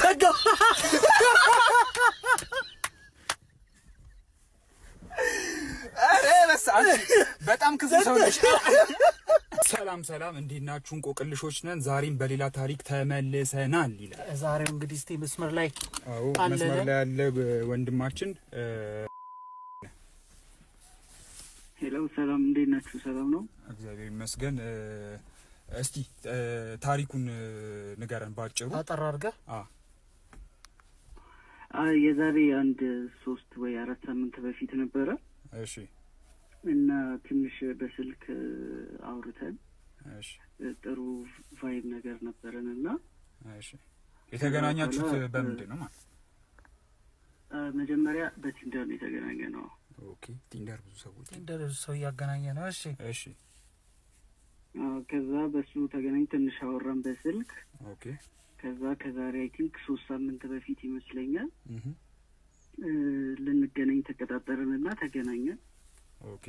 ዘጋው። በጣም ክፉ ሰው ነሽ። ሰላም ሰላም፣ እንዴት ናችሁ? እንቆቅልሾች ነን። ዛሬም በሌላ ታሪክ ተመልሰናል ይላል። ዛሬም እንግዲህ እስቲ መስመር ላይ አዎ፣ መስመር ላይ ያለ ወንድማችን ሄሎ፣ ሰላም እንዴት ናችሁ? ሰላም ነው፣ እግዚአብሔር ይመስገን። እስቲ ታሪኩን ንገረን ባጭሩ አጠር አድርገህ። አዎ የዛሬ አንድ ሶስት ወይ አራት ሳምንት በፊት ነበረ። እሺ። እና ትንሽ በስልክ አውርተን ጥሩ ቫይብ ነገር ነበረን እና የተገናኛችሁት በምንድን ነው ማለት? መጀመሪያ በቲንደር ነው የተገናኘ ነው። ኦኬ። ቲንደር ብዙ ሰዎች ቲንደር ብዙ ሰው እያገናኘ ነው። እሺ፣ እሺ። ከዛ በሱ ተገናኝ ትንሽ አወራን በስልክ ኦኬ ከዛ ከዛሬ አይ ቲንክ ሶስት ሳምንት በፊት ይመስለኛል ልንገናኝ ተቀጣጠርን እና ተገናኘን። ኦኬ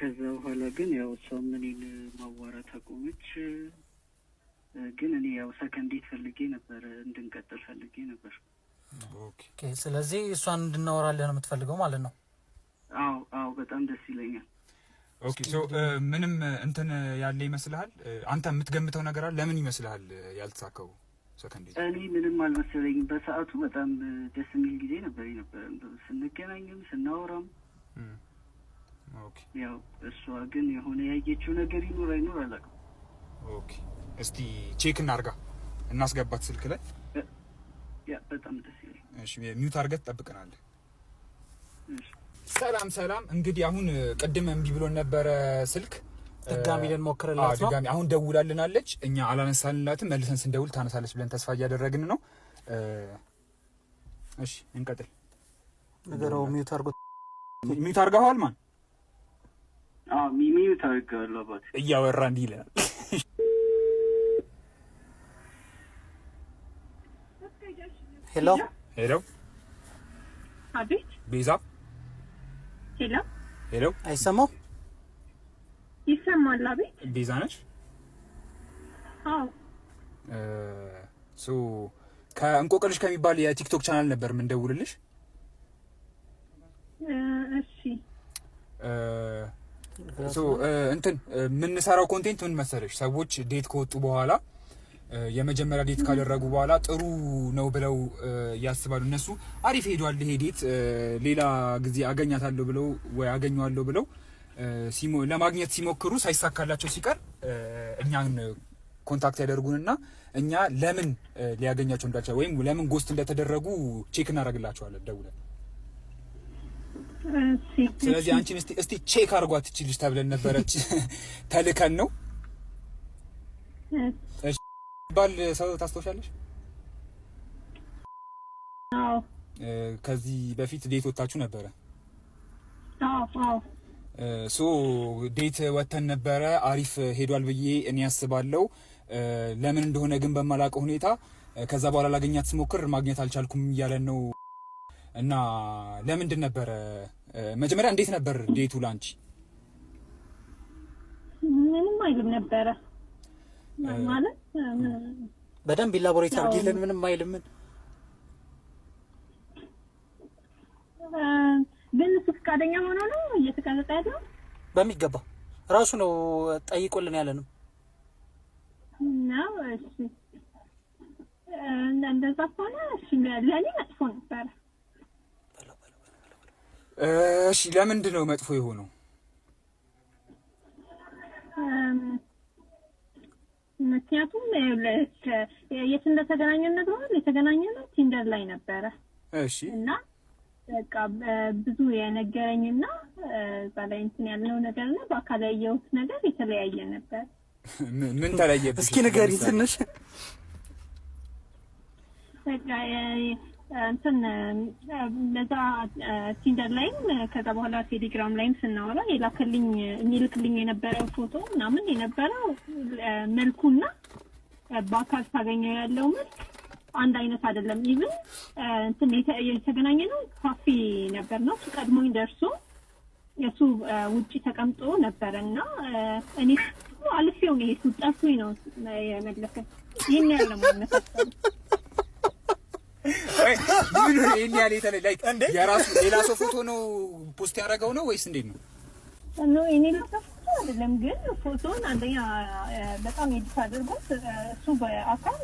ከዛ በኋላ ግን ያው እሷም እኔን ማዋራት አቆመች። ግን እኔ ያው ሰከንዴት ፈልጌ ነበር እንድንቀጥል ፈልጌ ነበር። ስለዚህ እሷን እንድናወራለን የምትፈልገው ማለት ነው? አዎ አዎ፣ በጣም ደስ ይለኛል። ኦኬ ሶ ምንም እንትን ያለ ይመስልሃል? አንተ የምትገምተው ነገር አለ? ለምን ይመስልሃል ያልተሳካው? እኔ ምንም አልመሰለኝም። በሰዓቱ በጣም ደስ የሚል ጊዜ ነበር ነበረ ስንገናኝም ስናወራም። ያው እሷ ግን የሆነ ያየችው ነገር ይኖር አይኖር አላውቅም። ኦኬ እስቲ ቼክ እናርጋ፣ እናስገባት ስልክ ላይ ያ በጣም ደስ ይላል። እሺ ሚዩት አርገት ጠብቀናል። እሺ ሰላም ሰላም። እንግዲህ አሁን ቅድም እምቢ ብሎን ነበረ ስልክ ድጋሚ ልንሞክርላት ነው። አሁን ደውላልናለች። እኛ አላነሳንላትም። መልሰን ስንደውል ታነሳለች ብለን ተስፋ እያደረግን ነው። እሺ እንቀጥል። ነገረው ሚዩት አርጎ ሚዩት አርጋዋል። ማን ሚዩት አርገለባት? እያወራ እንዲህ ይለናል። ሄሎ ሄሎ አቤት ቤዛ ሄሎ ሄሎ፣ አይሰማው? ይሰማል። አቤት። ቤዛ ነች? አዎ። ከእንቆቅልሽ ከሚባል የቲክቶክ ቻናል ነበር የምንደውልልሽ። እሺ። እንትን የምንሰራው ኮንቴንት ምን መሰለሽ፣ ሰዎች ዴት ከወጡ በኋላ የመጀመሪያ ዴት ካደረጉ በኋላ ጥሩ ነው ብለው ያስባሉ። እነሱ አሪፍ ሄዷል ይሄ ዴት፣ ሌላ ጊዜ አገኛታለሁ ብለው ወይ አገኘዋለሁ ብለው ለማግኘት ሲሞክሩ ሳይሳካላቸው ሲቀር እኛን ኮንታክት ያደርጉንና እኛ ለምን ሊያገኛቸው እንዳልቻለ ወይም ለምን ጎስት እንደተደረጉ ቼክ እናደርግላቸዋለን ደውለን። ስለዚህ አንቺን እስቲ ቼክ አድርጓት ትችልሽ ተብለን ነበረች ተልከን ነው። ባል ሰው ታስታውሻለሽ? ከዚህ በፊት ዴት ወጣችሁ ነበረ? አዎ ሶ ዴት ወተን ነበረ። አሪፍ ሄዷል ብዬ እኔ ያስባለው ለምን እንደሆነ ግን በማላውቀው ሁኔታ ከዛ በኋላ ላገኛት ስሞክር ማግኘት አልቻልኩም እያለን ነው። እና ለምንድን ነበረ መጀመሪያ እንዴት ነበር ዴቱ ላንቺ? ምንም አይልም ነበረ በደንብ ኢላቦሬት አድርጊልን። ምንም አይልምን ግን እሱ ፈቃደኛ ሆኖ ነው እየተቀረጸ ያለው በሚገባ ራሱ ነው ጠይቆልን ያለ ነው። እንደዛ ከሆነ ለእኔ መጥፎ ነበረ። እሺ ለምንድን ነው መጥፎ የሆነው? ምክንያቱም የት እንደተገናኘ ነግረዋል። የተገናኘ ነው ቲንደር ላይ ነበረ። እሺ እና በቃ ብዙ የነገረኝና እዛ ላይ እንትን ያለው ነገር እና በአካል ያየሁት ነገር የተለያየ ነበር። ምን ተለየ? እስኪ ንገሪኝ ትንሽ እንትን ለዛ ቲንደር ላይም ከዛ በኋላ ቴሌግራም ላይም ስናወራ የላክልኝ የሚልክልኝ የነበረው ፎቶ ምናምን የነበረው መልኩና በአካል ታገኘው ያለው መልክ አንድ አይነት አይደለም። ኢቭን እንትን የተገናኘ ነው ካፌ ነበር ነው እሱ ቀድሞኝ ደርሶ የእሱ ውጭ ተቀምጦ ነበረ እና እኔ አልፌው ነው የሱ ጠፍቶኝ ነው የመለከት ይህን ያለ ማነሳሰሉ ይህን ያህል የተለይ የራሱ ሌላ ሰው ፎቶ ነው ፖስት ያደረገው ነው ወይስ እንዴት ነው? እኔ አይደለም ግን ፎቶን አንደኛ በጣም ኤዲት አድርጎት እሱ በአካል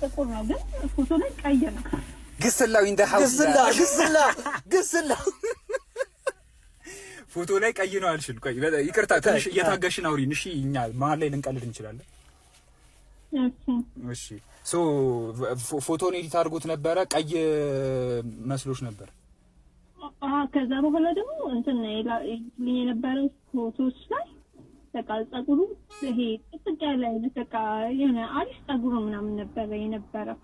ጥቁር ነው፣ ግን ፎቶ ላይ ቀይ ነው። ግስላው ኢን ግስላ ግስላ ግስላ ፎቶ ላይ ቀይ ነው አልሽን። ቆይ ይቅርታ ትንሽ እየታገሽን አውሪን። እሺ እኛ መሀል ላይ ልንቀልድ እንችላለን። እሺ ፎቶን ኤዲት አድርጎት ነበረ። ቀይ መስሎች ነበር። ከዛ በኋላ ደግሞ እንትን የነበረው ፎቶች ላይ በቃ ጸጉሩ ይሄ ጥቅጥቅ ያለ አይነት በቃ የሆነ አሪፍ ጸጉሩ ምናምን ነበረ የነበረው።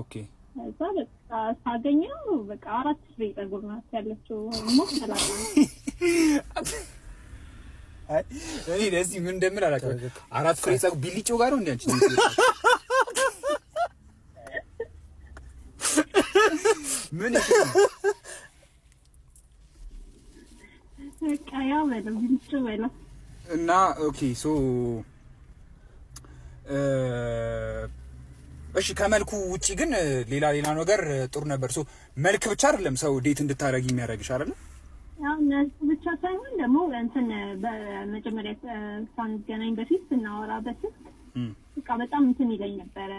ኦኬ ከዛ በቃ ሳገኘው በቃ አራት ፍሬ ጸጉር ናት ያለችው ሞት ተላለ እኔ ለዚህ ምን እንደምል አላውቅም። አራት ፍሬ ጸጉር ቢልጮ ጋር ነው እንዲ አንቺ ምን እና ኦኬ ሶ እሺ ከመልኩ ውጪ ግን ሌላ ሌላ ነገር ጥሩ ነበር። ሶ መልክ ብቻ አይደለም ሰው ዴት እንድታደርግ የሚያደርግሽ አይደለም። ብቻ ሳይሆን ደግሞ እንትን በመጀመሪያ ሳንገናኝ በፊት ስናወራ በስልክ በቃ በጣም እንትን ይለኝ ነበረ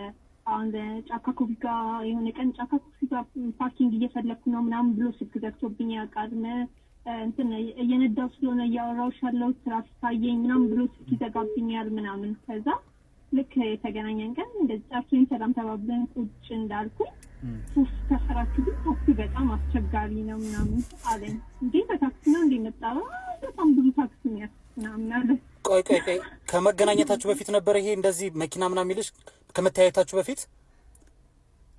አሁን ለጫካ ኮቢጋ የሆነ ቀን ጫካ ኮቢጋ ፓርኪንግ እየፈለግኩ ነው ምናምን ብሎ ስልክ ዘግቶብኝ ያውቃል። እንትን እየነዳው ስለሆነ እያወራሁሽ ያለው ትራፊክ ታየኝ ምናምን ብሎ ስልክ ይዘጋብኛል ምናምን። ከዛ ልክ የተገናኘን ቀን እንደዚህ ጫርቶኝ ሰላም ተባብለን ቁጭ እንዳልኩ ሱስ ተሰራችሁ ግን ታክሲ በጣም አስቸጋሪ ነው ምናምን አለኝ። እንዴ በታክሲ ነው እንዴ መጣ? በጣም ብዙ ታክሲ ነው ያስ ምናምን አለ። ቆይ ቆይ ቆይ ከመገናኘታችሁ በፊት ነበር ይሄ እንደዚህ መኪና ምናምን የሚልሽ ከመተያየታችሁ በፊት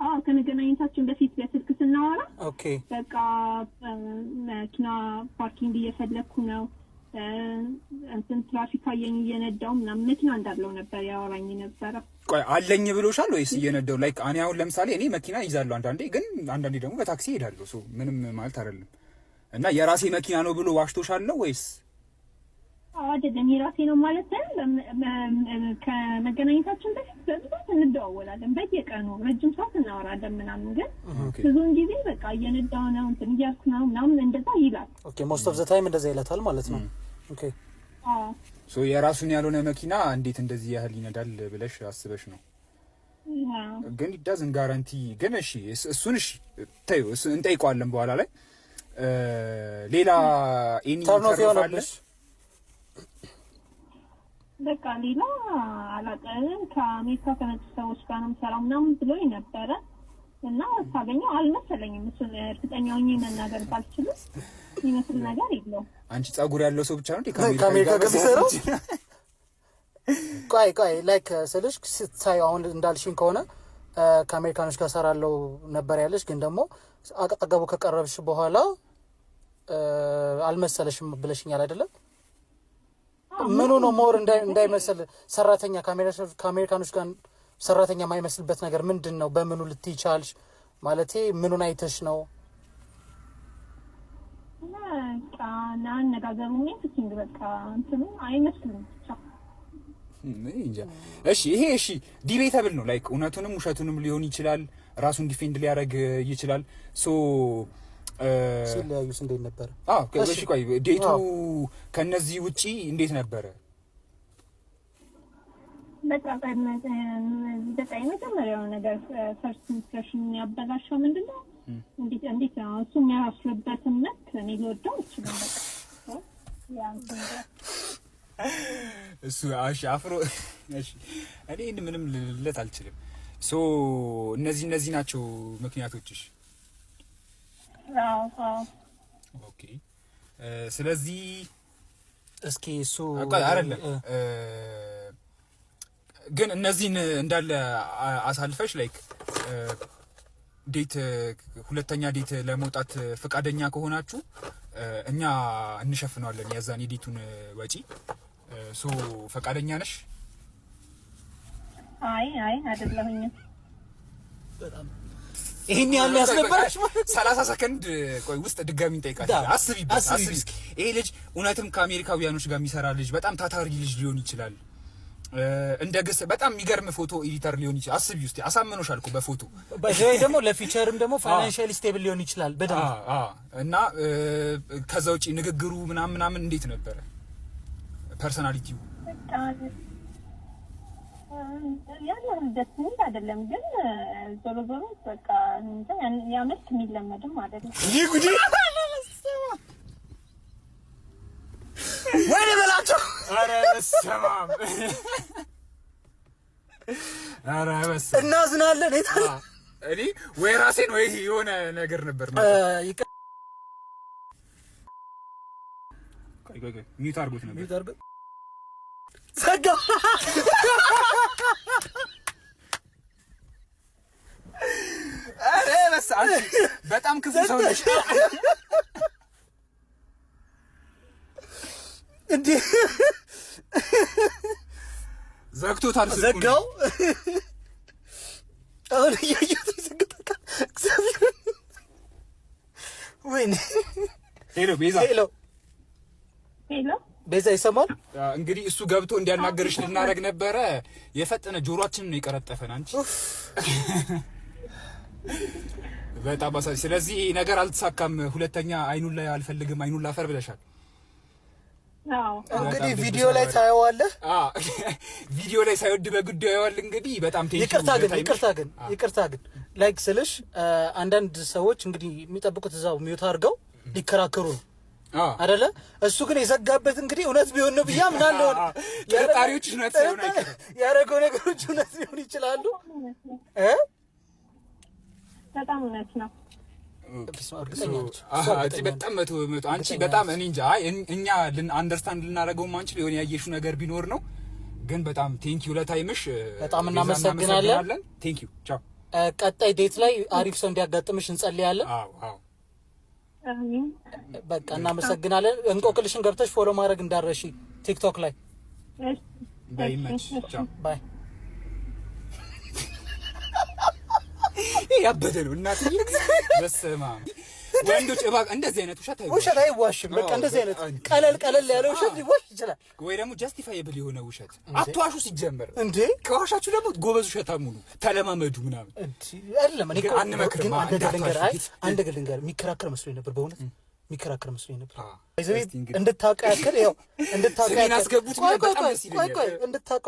አዎ ከመገናኘታችን በፊት በስልክ ስናወራ ኦኬ፣ በቃ መኪና ፓርኪንግ እየፈለግኩ ነው እንትን ትራፊክ አየኝ እየነዳው ምናምን መኪና እንዳለው ነበር ያወራኝ ነበረ። ቆይ አለኝ ብሎሻል ወይስ እየነዳው? ላይክ እኔ አሁን ለምሳሌ እኔ መኪና ይዛለሁ አንዳንዴ፣ ግን አንዳንዴ ደግሞ በታክሲ ይሄዳለሁ። ምንም ማለት አይደለም። እና የራሴ መኪና ነው ብሎ ዋሽቶሻል ወይስ አይደለም የራሴ ነው ማለት ከመገናኘታችን በፊት በብዛት እንደዋወላለን። በየቀኑ ረጅም ሰዓት እናወራለን ምናምን፣ ግን ብዙውን ጊዜ በቃ እየነዳሁ ነው እንትን እያልኩ ነው ምናምን እንደዛ ይላል። ኦኬ ሞስት ኦፍ ዘ ታይም እንደዛ ይለታል ማለት ነው። ኦኬ ሶ የራሱን ያልሆነ መኪና እንዴት እንደዚህ ያህል ይነዳል ብለሽ አስበሽ ነው? ግን ዳዝን ጋራንቲ ግን እሺ፣ እሱን እሺ ተይው እንጠይቀዋለን በኋላ ላይ ሌላ ኤኒ hmm. ተርኖፍ በቃ ሌላ አላውቅም። ከአሜሪካ ከመጡ ሰዎች ጋር ነው የምሰራው ምናምን ብሎ ነበረ እና ሳገኘው አልመሰለኝም። እሱን እርግጠኛ ሆኜ መናገር ባልችልም የሚመስል ነገር የለውም። አንቺ ጸጉር ያለው ሰው ብቻ ነው ከአሜሪካ ከሚሰራው። ቆይ ቆይ ላይክ ስልሽ ስታዩ አሁን እንዳልሽኝ ከሆነ ከአሜሪካኖች ጋር ሰራለው ነበር ያለሽ፣ ግን ደግሞ አጠገቡ ከቀረብሽ በኋላ አልመሰለሽም ብለሽኛል አይደለም? ምኑ ነው ሞር እንዳይመስል ሰራተኛ ከአሜሪካኖች ጋር ሰራተኛ የማይመስልበት ነገር ምንድን ነው? በምኑ ልትይ ቻልሽ? ማለት ምኑን አይተሽ ነው? እሺ ይሄ እሺ ዲቤተብል ነው። ላይክ እውነቱንም ውሸቱንም ሊሆን ይችላል። ራሱን ዲፌንድ ሊያደርግ ይችላል ሶ ሲለያዩስ እንዴት ነበረ? ቆይ ዴቱ ከእነዚህ ውጪ እንዴት ነበረ? በጣም የመጀመሪያው ነገር ፈርስት ኢምፕሬሽን ያበላሸው ምንድን ነው? እንዴት እንዴት ነው እሱ የሚያስረዳት እምነት እኔ ሊወደው ይችላል። እሱ እሺ፣ አፍሮ እሺ፣ እኔ ምንም ልለት አልችልም። ሶ እነዚህ እነዚህ ናቸው ምክንያቶችሽ ኦኬ። ስለዚህ እስኪ እሱ አይደለም ግን እነዚህን እንዳለ አሳልፈሽ ላይክ ዴት ሁለተኛ ዴት ለመውጣት ፈቃደኛ ከሆናችሁ እኛ እንሸፍነዋለን የዛን የዴቱን ወጪ። ሶ ፈቃደኛ ነሽ? አይ አይ አይደለሁኝም። ይሄን ያህል ያስነበረች ሰላሳ ሰከንድ ቆይ ውስጥ ድጋሚ እንጠይቃለን። አስቢበት፣ አስቢ እስኪ ይሄ ልጅ እውነትም ከአሜሪካውያኖች ጋር የሚሰራ ልጅ በጣም ታታሪ ልጅ ሊሆን ይችላል። እንደ ግስ በጣም የሚገርም ፎቶ ኤዲተር ሊሆን ይችላል። አስቢ ውስጥ አሳምኖሽ አልኩ በፎቶ በዚህ ደግሞ ለፊቸርም ደግሞ ፋይናንሻል ስቴብል ሊሆን ይችላል በደንብ እና ከዛ ውጪ ንግግሩ ምናምን ምናምን እንዴት ነበረ ፐርሰናሊቲው ያን ደስ የሚል አይደለም፣ ግን ዞሮ ዞሮ በቃ ያ የሚለመድም አይደለም። ይህ ጉዲ ወይኔ በላቸው። ኧረ ኧረ እኔ ወይ ራሴን ወይ የሆነ ነገር ነበር ሚውት አድርጎት ነበር። ጸጋ በጣም ክፉ ሰው ነሽ። እንዴ ዘግቶታል። ዘጋው። አሁን እያየሁት ዘግቶታል። እግዚአብሔር ወይኔ። ሄሎ ቤዛ፣ ሄሎ ሄሎ ቤዛ ይሰማል። እንግዲህ እሱ ገብቶ እንዲያናገርሽ ልናደርግ ነበረ። የፈጠነ ጆሮችን ነው የቀረጠፈን። አንቺ በጣም አሳ ስለዚህ ነገር አልተሳካም። ሁለተኛ አይኑን ላይ አልፈልግም፣ አይኑን ላፈር ብለሻል። እንግዲህ ቪዲዮ ላይ ታየዋለህ። ቪዲዮ ላይ ሳይወድ በግዱ ያየዋል። እንግዲህ በጣም ይቅርታ ግን ይቅርታ ግን ይቅርታ ግን ላይክ ስልሽ አንዳንድ ሰዎች እንግዲህ የሚጠብቁት እዛው ሚዩት አድርገው ሊከራከሩ ነው አደለ? እሱ ግን የዘጋበት እንግዲህ እውነት ቢሆን ነው ብዬ አምናለሁ። ጠርጣሪዎች እውነት ያደረገው ነገሮች እውነት ሊሆን ይችላሉ። በጣም እውነት ነው። በጣም መቶ አንቺ በጣም እኔ እንጃ እኛ አንደርስታንድ ልናደርገው አንችል የሆነ ያየሹ ነገር ቢኖር ነው። ግን በጣም ቴንኪው ለታይምሽ በጣም እናመሰግናለን። ቴንኪው ቻው። ቀጣይ ዴት ላይ አሪፍ ሰው እንዲያጋጥምሽ እንጸልያለን። አዎ አዎ በቃ እናመሰግናለን። እንቆቅልሽን ገብተሽ ፎሎ ማድረግ እንዳረሺ ቲክቶክ ላይ ያበደ ነው እና ትልቅ አብ ወንዶች እንደዚህ አይነት ውሸት ውሸት አይዋሽም። በቃ እንደዚህ አይነት ቀለል ቀለል ያለ ውሸት ሊዋሽ ይችላል፣ ወይ ደግሞ የሆነ ውሸት አትዋሹ። ሲጀመር እንዴ ከዋሻችሁ ደግሞ ጎበዝ ተለማመዱ ምናምን አንድ ነገር የሚከራከር መስሎኝ ነበር በእውነት የሚከራከር መስሎኝ ነበር። እንድታውቀው ያክል ያው እንድታውቀው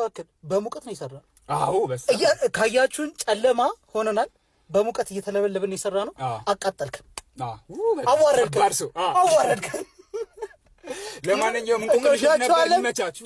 ያክል በሙቀት ነው ይሰራል። አዎ ካያችሁን ጨለማ ሆነናል። በሙቀት እየተለበለብን የሰራ ነው። አቃጠልክ፣ አዋረድክ፣ አዋረድክ። ለማንኛውም እንቁቅልሽ አለ። ይመቻችሁ።